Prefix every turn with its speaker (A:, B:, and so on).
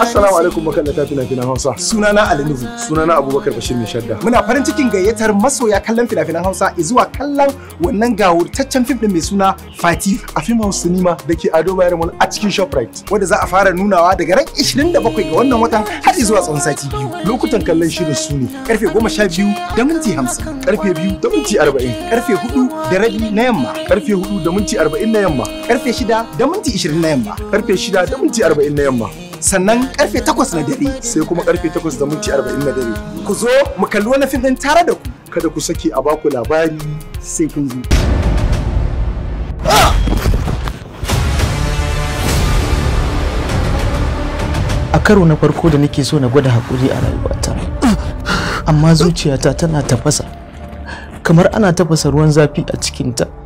A: Assalamu alaikum
B: da makallata fina-finan Hausa. Sunana Alinuzu, Sunana Abubakar Bashir mai shadda. Muna farin cikin gayyatar masoya kallon fina-finan Hausa zuwa kallon wannan gawurtaccen fim din mai suna Fati a fim House Cinema da ke Ado Bayero Mall a cikin Shoprite wanda za a fara nunawa daga ran 27 ga wannan watan har zuwa tsawon sati biyu. Lokutan kallon shirin su ne karfe 12 da minti 50, karfe 2 da minti 40, karfe 4 da rabi na yamma, karfe 4 da minti 40 na yamma, karfe 6 da minti 20 na yamma, karfe 6 da minti 40 na yamma. sannan karfe 8 na dare sai kuma karfe 8 da minti 40 na dare ku zo mu kalli wani fim din tare da ku kada ku sake a baku labari sai kun zo
C: a karo na farko da nake so na gwada hakuri a rayuwata amma zuciyata tana tafasa kamar ana tafasa ruwan zafi a cikinta